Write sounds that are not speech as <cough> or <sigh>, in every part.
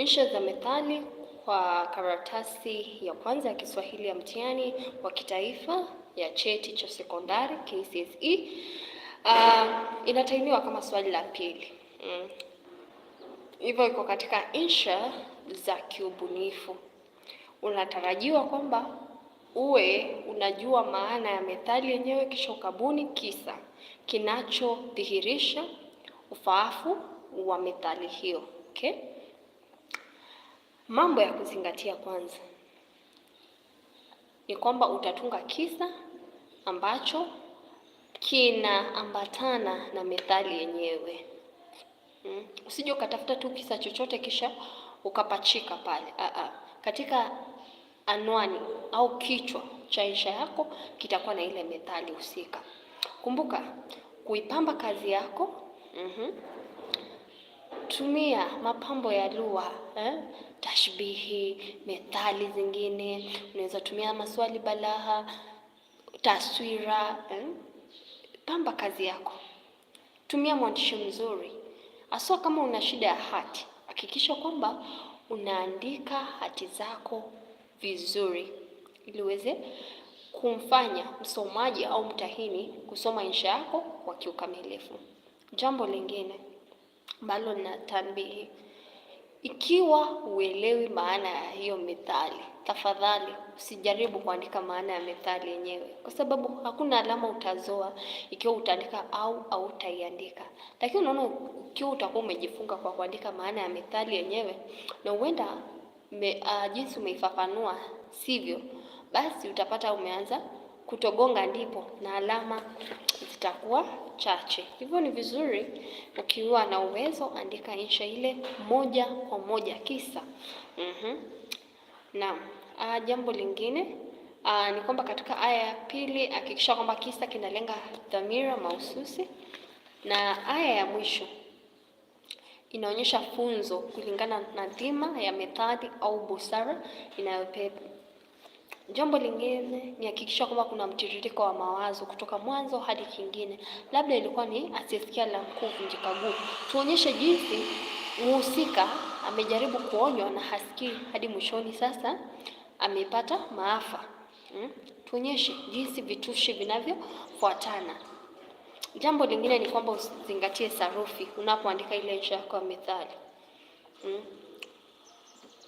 Insha za methali kwa karatasi ya kwanza ya Kiswahili ya mtihani wa kitaifa ya cheti cha sekondari KCSE, uh, ah, inatainiwa kama swali la pili mm. Hivyo iko katika insha za kiubunifu. Unatarajiwa kwamba uwe unajua maana ya methali yenyewe, kisha ukabuni kisa kinachodhihirisha ufaafu wa methali hiyo okay? Mambo ya kuzingatia kwanza ni kwamba utatunga kisa ambacho kinaambatana na methali yenyewe. Mm, usije ukatafuta tu kisa chochote kisha ukapachika pale. -a. Ah, ah. katika anwani au kichwa cha insha yako kitakuwa na ile methali husika. Kumbuka kuipamba kazi yako. mm -hmm tumia mapambo ya lugha eh? Tashbihi, methali zingine unaweza tumia, maswali balagha, taswira eh? Pamba kazi yako, tumia mwandishi mzuri, haswa kama una shida ya hati. Hakikisha kwamba unaandika hati zako vizuri, ili uweze kumfanya msomaji au mtahini kusoma insha yako kwa kiukamilifu. Jambo lingine ambalo na tambihi Ikiwa uelewi maana ya hiyo methali, tafadhali usijaribu kuandika maana ya methali yenyewe, kwa sababu hakuna alama utazoa ikiwa utaandika au au utaiandika. Lakini unaona, ukiwa utakuwa umejifunga kwa kuandika maana ya methali yenyewe, na huenda me, uh, jinsi umeifafanua sivyo, basi utapata umeanza kutogonga ndipo na alama zitakuwa chache. Hivyo ni vizuri ukiwa na uwezo, andika insha ile moja kwa moja kisa. mm -hmm. Naam. Ah, jambo lingine ah, ni kwamba katika aya ya pili hakikisha kwamba kisa kinalenga dhamira mahususi, na aya ya mwisho inaonyesha funzo kulingana na dhima ya methali au busara inayopewa Jambo lingine ni hakikisha kwamba kuna mtiririko wa mawazo kutoka mwanzo hadi kingine. Labda ilikuwa ni asiyesikia la mkuu vunjika guu. Tuonyeshe jinsi mhusika amejaribu kuonywa na hasikii hadi mwishoni, sasa amepata maafa. Hmm? Tuonyeshe jinsi vitushi vinavyofuatana. Jambo lingine ni kwamba uzingatie sarufi unapoandika ile insha yako ya methali. Hmm?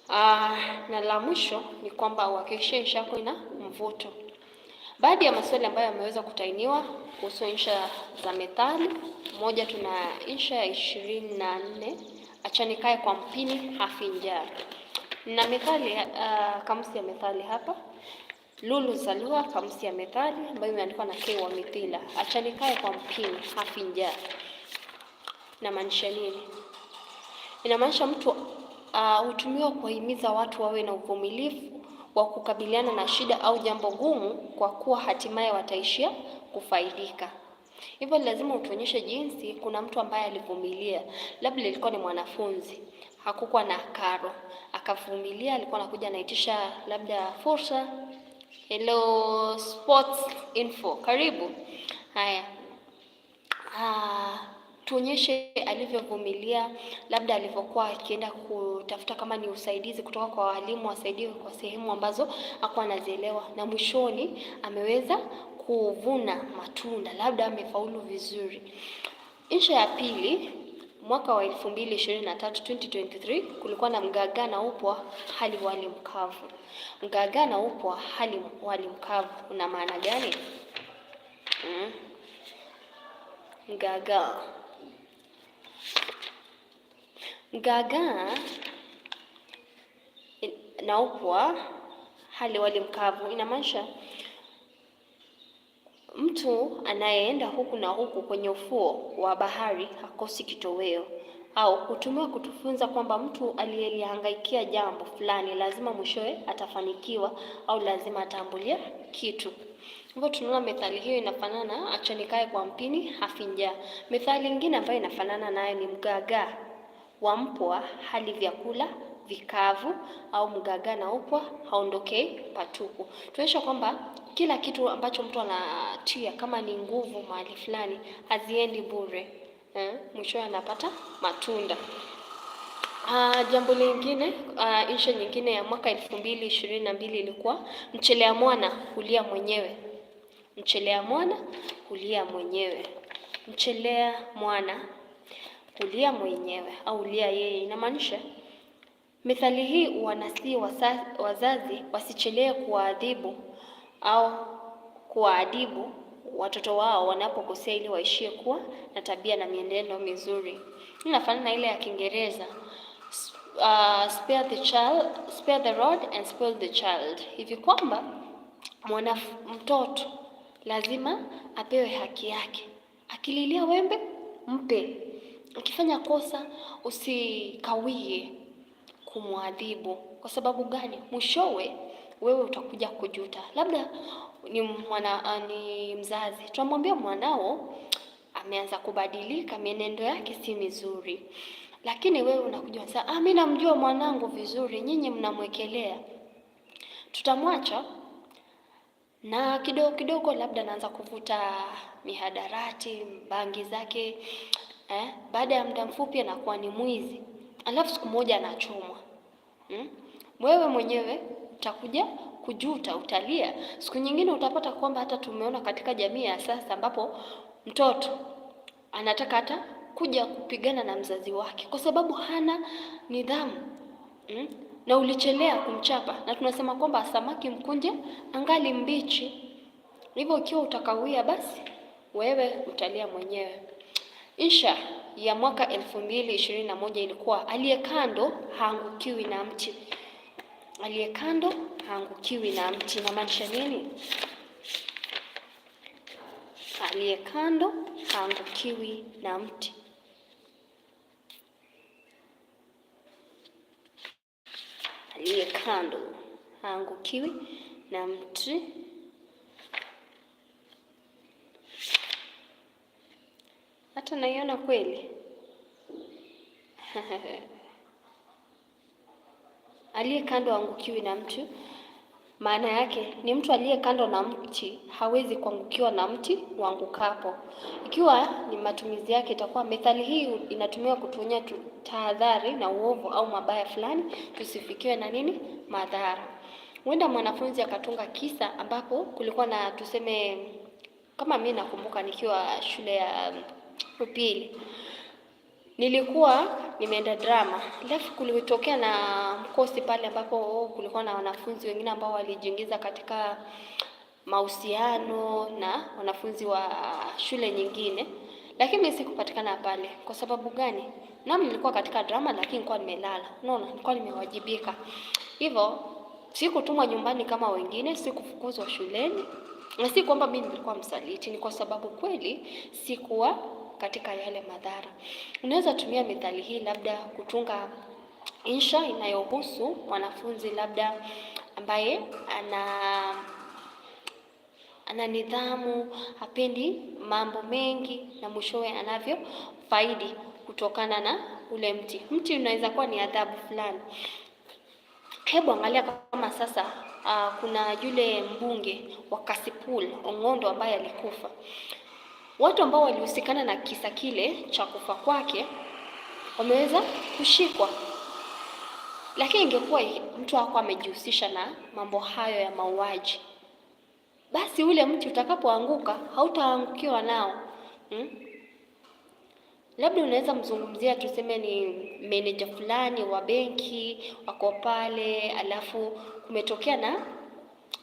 Aa, ah, na la mwisho ni kwamba uhakikishe insha yako ina mvuto. Baadhi ya maswali ambayo yameweza kutainiwa kuhusu insha za methali, moja tuna insha ya ishirini na nne achanikae kwa mpini hafi njaa, na methali uh, kamusi ya methali hapa Lulu za lugha, kamusi ya methali ambayo imeandikwa na K wa Mithila. Achanikae kwa mpini hafi njaa, inamaanisha nini? Inamaanisha mtu Ah, hutumiwa uh, kuwahimiza watu wawe na uvumilivu wa kukabiliana na shida au jambo gumu, kwa kuwa hatimaye wataishia kufaidika. Hivyo lazima utuonyeshe jinsi. Kuna mtu ambaye alivumilia, labda ilikuwa ni mwanafunzi, hakukuwa na karo, akavumilia, alikuwa anakuja anaitisha labda fursa. Hello sports info, karibu. Haya, ah, tuonyeshe alivyovumilia, labda alivyokuwa akienda kutafuta kama ni usaidizi kutoka kwa walimu wasaidie kwa sehemu ambazo hakuwa anazielewa, na mwishoni ameweza kuvuna matunda, labda amefaulu vizuri. Insha ya pili, mwaka wa 2023 2023, kulikuwa na mgaga na upwa hali wali mkavu. Mgaagaa na upwa hali wali mkavu una maana gani? Mm. Mgaagaa Gaga na upwa hali wali mkavu, inamaanisha mtu anayeenda huku na huku kwenye ufuo wa bahari hakosi kitoweo, au hutumiwa kutufunza kwamba mtu aliyelihangaikia jambo fulani lazima mwishowe atafanikiwa au lazima atambulia kitu. Hapo tunaona methali hiyo inafanana, acha nikae kwa mpini hafinja. Methali nyingine ambayo inafanana nayo ni mgaga wa mpwa hali vyakula vikavu, au mgaga na upwa haondokei patupu. Tunaonyesha kwamba kila kitu ambacho mtu anatia kama ni nguvu mahali fulani haziendi bure eh, mwishowe anapata matunda. Uh, jambo lingine uh, insha nyingine ya mwaka elfu mbili ishirini na mbili ilikuwa mchelea mwana hulia mwenyewe. Mchelea mwana kulia mwenyewe, mchelea mwana kulia mwenyewe au lia yeye. Inamaanisha methali hii uwanasi wazazi wasichelee kuwaadhibu au kuwaadibu watoto wao wanapokosea ili waishie kuwa na tabia na mienendo mizuri. Hii inafanana na ile ya Kiingereza uh, spare the child, spare the rod and spoil the child, hivi kwamba mwana mtoto lazima apewe haki yake. Akililia wembe, mpe. Akifanya kosa, usikawie kumwadhibu. Kwa sababu gani? Mwishowe wewe utakuja kujuta. Labda ni mwana, ni mzazi, tunamwambia mwanao ameanza kubadilika, mienendo yake si mizuri, lakini wewe unakuja sasa, ah, mimi namjua mwanangu vizuri, nyinyi mnamwekelea, tutamwacha na kidogo kidogo labda naanza kuvuta mihadarati, bangi zake eh. Baada ya muda mfupi anakuwa ni mwizi, alafu siku moja anachomwa. Hmm? Wewe mwenyewe utakuja kujuta, utalia. Siku nyingine utapata kwamba hata tumeona katika jamii ya sasa ambapo mtoto anataka hata kuja kupigana na mzazi wake kwa sababu hana nidhamu. Hmm? na ulichelea kumchapa, na tunasema kwamba samaki mkunje angali mbichi. Hivyo ukiwa utakawia, basi wewe utalia mwenyewe. Insha ya mwaka elfu mbili ishirini na moja ilikuwa aliye kando haangukiwi na mti, aliye kando haangukiwi na mti. Namaanisha nini? Aliye kando haangukiwi na mti. aliye kando haangukiwi na mti hata naiona kweli. <laughs> aliye kando haangukiwi na mtu maana yake ni mtu aliye kando na mti hawezi kuangukiwa na mti uangukapo. Ikiwa ni matumizi yake, itakuwa methali hii inatumiwa kutuonya tahadhari na uovu au mabaya fulani, tusifikiwe na nini madhara. Huenda mwanafunzi akatunga kisa ambapo kulikuwa na tuseme, kama mimi nakumbuka nikiwa shule ya upili nilikuwa nimeenda drama. Alafu kulitokea na mkosi pale ambapo oh, kulikuwa na wanafunzi wengine ambao walijiingiza katika mahusiano na wanafunzi wa shule nyingine, lakini mimi sikupatikana pale. Kwa sababu gani? Naam, nilikuwa katika drama, lakini nilikuwa nimelala. Unaona, nilikuwa nimewajibika hivyo Sikutumwa nyumbani kama wengine, sikufukuzwa shuleni, na si kwamba mimi nilikuwa msaliti. Ni kwa sababu kweli sikuwa katika yale madhara. Unaweza tumia mithali hii labda kutunga insha inayohusu mwanafunzi labda ambaye ana ana nidhamu, hapendi mambo mengi na mwishowe anavyofaidi kutokana na ule mti. Mti unaweza kuwa ni adhabu fulani. Hebu angalia kama sasa uh, kuna yule mbunge wa Kasipul Ong'ondo ambaye alikufa. Watu ambao walihusikana na kisa kile cha kufa kwake wameweza kushikwa, lakini ingekuwa mtu hakuwa amejihusisha na mambo hayo ya mauaji, basi ule mti utakapoanguka hautaangukiwa nao hmm? Labda unaweza mzungumzia, tuseme ni meneja fulani wa benki wako pale, alafu kumetokea na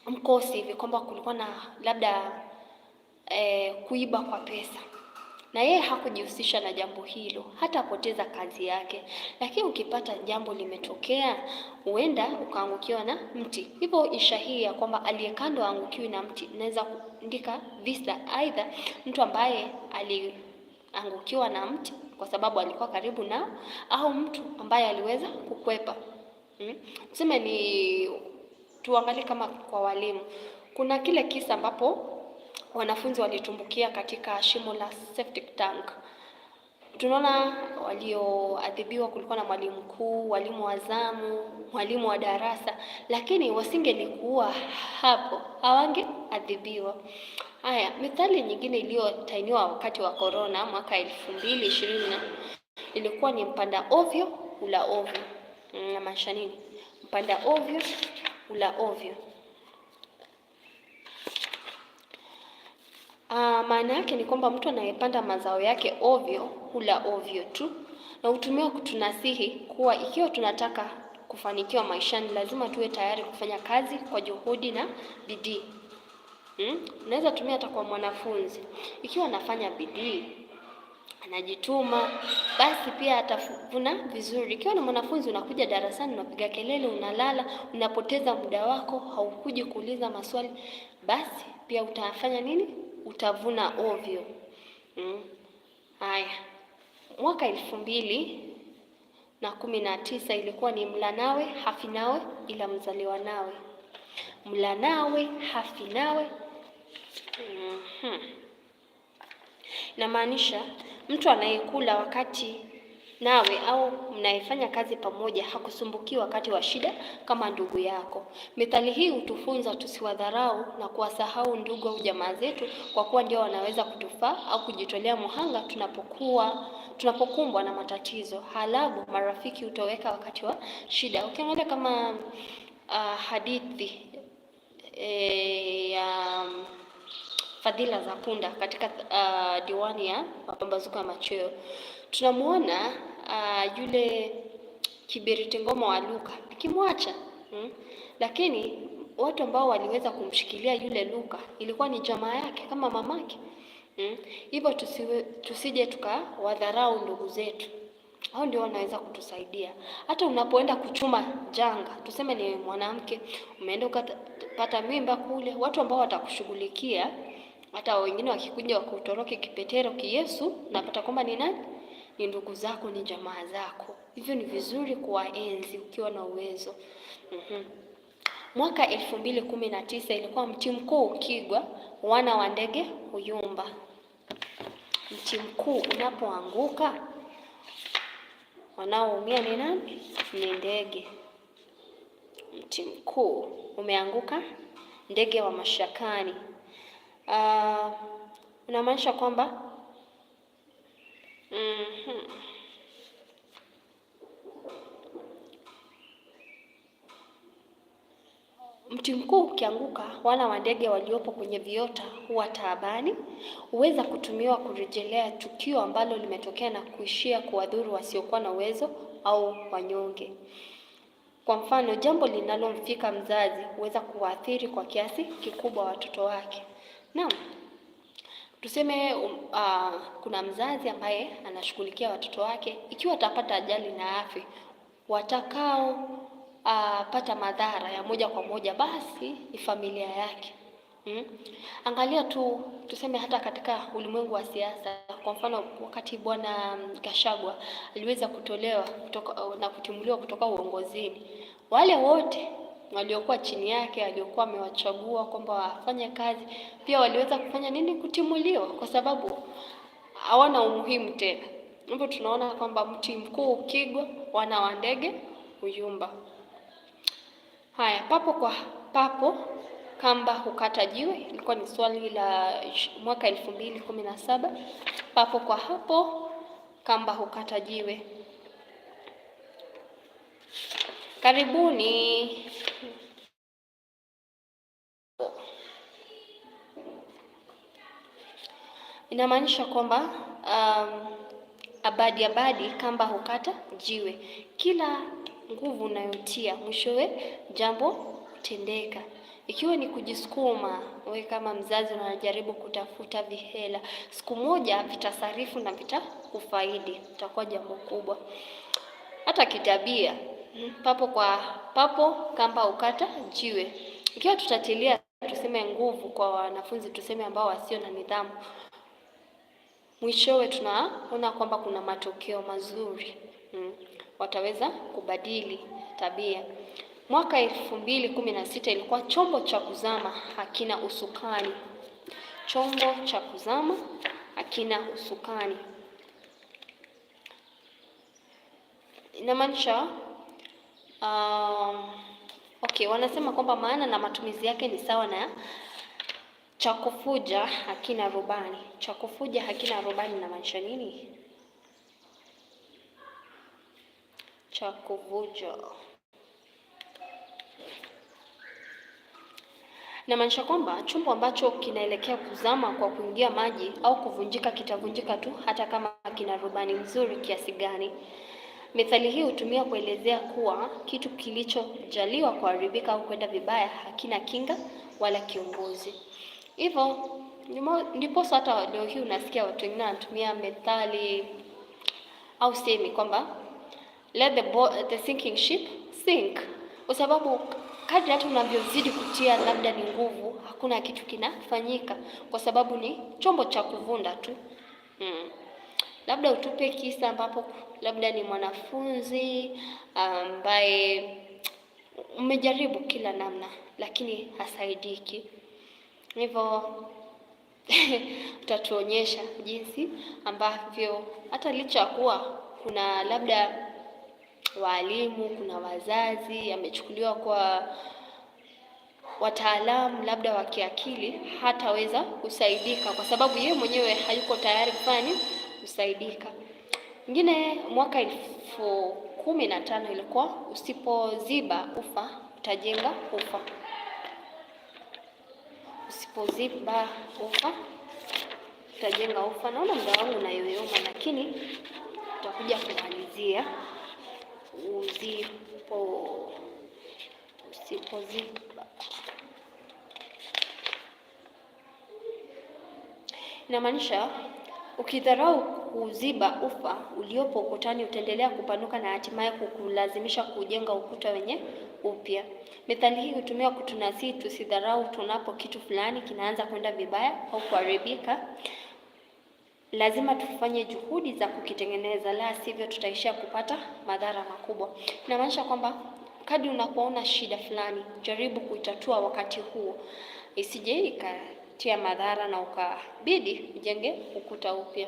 mkosi hivi kwamba kulikuwa na labda kuiba kwa pesa, na yeye hakujihusisha na jambo hilo, hatapoteza kazi yake. Lakini ukipata jambo limetokea, huenda ukaangukiwa na mti. Hivyo isha hii ya kwamba aliye kando aangukiwi na mti, naweza kuandika visa, aidha mtu ambaye aliangukiwa na mti kwa sababu alikuwa karibu nao, au mtu ambaye aliweza kukwepa. Hmm, ni tuangalie kama kwa walimu, kuna kile kisa ambapo wanafunzi walitumbukia katika shimo la septic tank. Tunaona walioadhibiwa kulikuwa na mwalimu mkuu, walimu wa zamu, mwalimu wa darasa, lakini wasingelikuwa hapo hawangeadhibiwa. Haya, mithali nyingine iliyotainiwa wakati wa korona mwaka elfu mbili ishirini ilikuwa ni mpanda ovyo ula ovyo. Namaanisha mm, nini? Mpanda ovyo ula ovyo. Uh, maana yake ni kwamba mtu anayepanda mazao yake ovyo hula ovyo tu, na hutumiwa kutunasihi kuwa ikiwa tunataka kufanikiwa maishani lazima tuwe tayari kufanya kazi kwa juhudi na bidii. Hmm? Unaweza tumia hata kwa mwanafunzi, ikiwa anafanya bidii anajituma, basi pia atavuna vizuri. Ikiwa ni mwanafunzi, unakuja darasani, unapiga kelele, unalala, unapoteza muda wako, haukuji kuuliza maswali, basi pia utafanya nini? utavuna ovyo. Mm. Haya, mwaka elfu mbili na kumi na tisa ilikuwa ni mla nawe hafi nawe ila mzaliwa nawe, mla nawe hafi nawe. Mm-hmm. Inamaanisha mtu anayekula wakati nawe au mnayefanya kazi pamoja hakusumbukii wakati wa shida kama ndugu yako. Methali hii hutufunza tusiwadharau na kuwasahau ndugu au jamaa zetu, kwa kuwa ndio wanaweza kutufaa au kujitolea muhanga tunapokuwa tunapokumbwa na matatizo. Halafu marafiki hutoweka wakati wa shida. Ukiangalia kama uh, hadithi eh, ya e, um, Fadhila za Punda katika uh, diwani ya Mapambazuko ya Machweo tunamwona uh, yule kiberiti ngoma wa Luka akimwacha hmm? Lakini watu ambao waliweza kumshikilia yule Luka ilikuwa ni jamaa yake kama mamake hmm? Hivyo tusiwe, tusije tukawadharau ndugu zetu. Hao ndio wanaweza kutusaidia. Hata unapoenda kuchuma janga, tuseme ni mwanamke, umeenda ukapata mimba kule, watu ambao watakushughulikia, hata wengine wakikuja wakutoroke kipetero kiyesu, napata kwamba ni nani? ni ndugu zako, ni jamaa zako. Hivyo ni vizuri kuwaenzi ukiwa na uwezo mm -hmm. Mwaka elfu mbili kumi na tisa ilikuwa mti mkuu ukigwa, wana wa ndege huyumba. Mti mkuu unapoanguka wanaoumia ni nani? Ni ndege. Mti mkuu umeanguka, ndege wa mashakani. Uh, unamaanisha kwamba Mti mhm. mkuu ukianguka, wana wa ndege waliopo kwenye viota huwa taabani. Huweza kutumiwa kurejelea tukio ambalo limetokea na kuishia kuwadhuru wasiokuwa na uwezo au wanyonge. Kwa mfano, jambo linalomfika mzazi huweza kuwaathiri kwa kiasi kikubwa watoto wake. Naam. Tuseme um, uh, kuna mzazi ambaye anashughulikia watoto wake, ikiwa atapata ajali na afi watakao uh, pata madhara ya moja kwa moja basi ni familia yake. Mm. Angalia tu tuseme hata katika ulimwengu wa siasa, kwa mfano wakati bwana um, Gashagwa aliweza kutolewa kutoka, na kutimuliwa kutoka uongozini, wale wote waliokuwa chini yake, aliokuwa amewachagua kwamba wafanye kazi, pia waliweza kufanya nini? Kutimuliwa, kwa sababu hawana umuhimu tena. Hivyo tunaona kwamba mti mkuu ukigwa, wana wa ndege huyumba. Haya, papo kwa papo kamba hukata jiwe, ilikuwa ni swali la mwaka elfu mbili kumi na saba. Papo kwa hapo kamba hukata jiwe. Karibuni. Inamaanisha kwamba um, abadi abadi kamba hukata jiwe. Kila nguvu unayotia mwishowe jambo hutendeka. Ikiwa ni kujisukuma, we kama mzazi unajaribu kutafuta vihela, siku moja vitasarifu na vitakufaidi, utakuwa jambo kubwa, hata kitabia papo kwa papo kamba ukata jiwe. Ikiwa tutatilia tuseme nguvu kwa wanafunzi tuseme ambao wasio na nidhamu, mwishowe tunaona kwamba kuna matokeo mazuri hmm. Wataweza kubadili tabia. Mwaka elfu mbili kumi na sita ilikuwa chombo cha kuzama hakina usukani, chombo cha kuzama hakina usukani inamaanisha Um, okay, wanasema kwamba maana na matumizi yake ni sawa na cha kufuja hakina rubani. Cha kufuja hakina rubani inamaanisha nini? Cha kuvuja inamaanisha kwamba chombo ambacho kinaelekea kuzama kwa kuingia maji au kuvunjika kitavunjika tu hata kama kina rubani nzuri kiasi gani. Methali hii hutumia kuelezea kuwa kitu kilichojaliwa kuharibika au kwenda vibaya hakina kinga wala kiongozi. Hivyo ndipo hata leo hii unasikia watu wengine wanatumia methali au semi kwamba let the, bo the sinking ship sink, kwa sababu kadri hata unavyozidi kutia labda ni nguvu, hakuna kitu kinafanyika kwa sababu ni chombo cha kuvunda tu. Hmm. Labda utupe kisa ambapo labda ni mwanafunzi ambaye umejaribu kila namna lakini hasaidiki. Hivyo <laughs> utatuonyesha jinsi ambavyo hata licha ya kuwa kuna labda waalimu, kuna wazazi, amechukuliwa kwa wataalamu labda wa kiakili, hataweza kusaidika kwa sababu yeye mwenyewe hayuko tayari kufanya kusaidika. Ingine mwaka elfu kumi na tano ilikuwa usipoziba ufa utajenga ufa. Usipoziba ufa utajenga ufa. Naona muda wangu unayoyoma, lakini utakuja kumalizia. Usipo usipoziba inamaanisha ukidharau kuziba ufa uliopo ukutani utaendelea kupanuka na hatimaye kukulazimisha kujenga ukuta wenye upya. Methali hii hutumiwa kutunasihi tusidharau tunapo kitu fulani kinaanza kwenda vibaya au kuharibika. Lazima tufanye juhudi za kukitengeneza, la sivyo tutaishia kupata madhara makubwa. Inamaanisha kwamba kadi unapoona shida fulani, jaribu kuitatua wakati huo, isije ikatia madhara na ukabidi ujenge ukuta upya.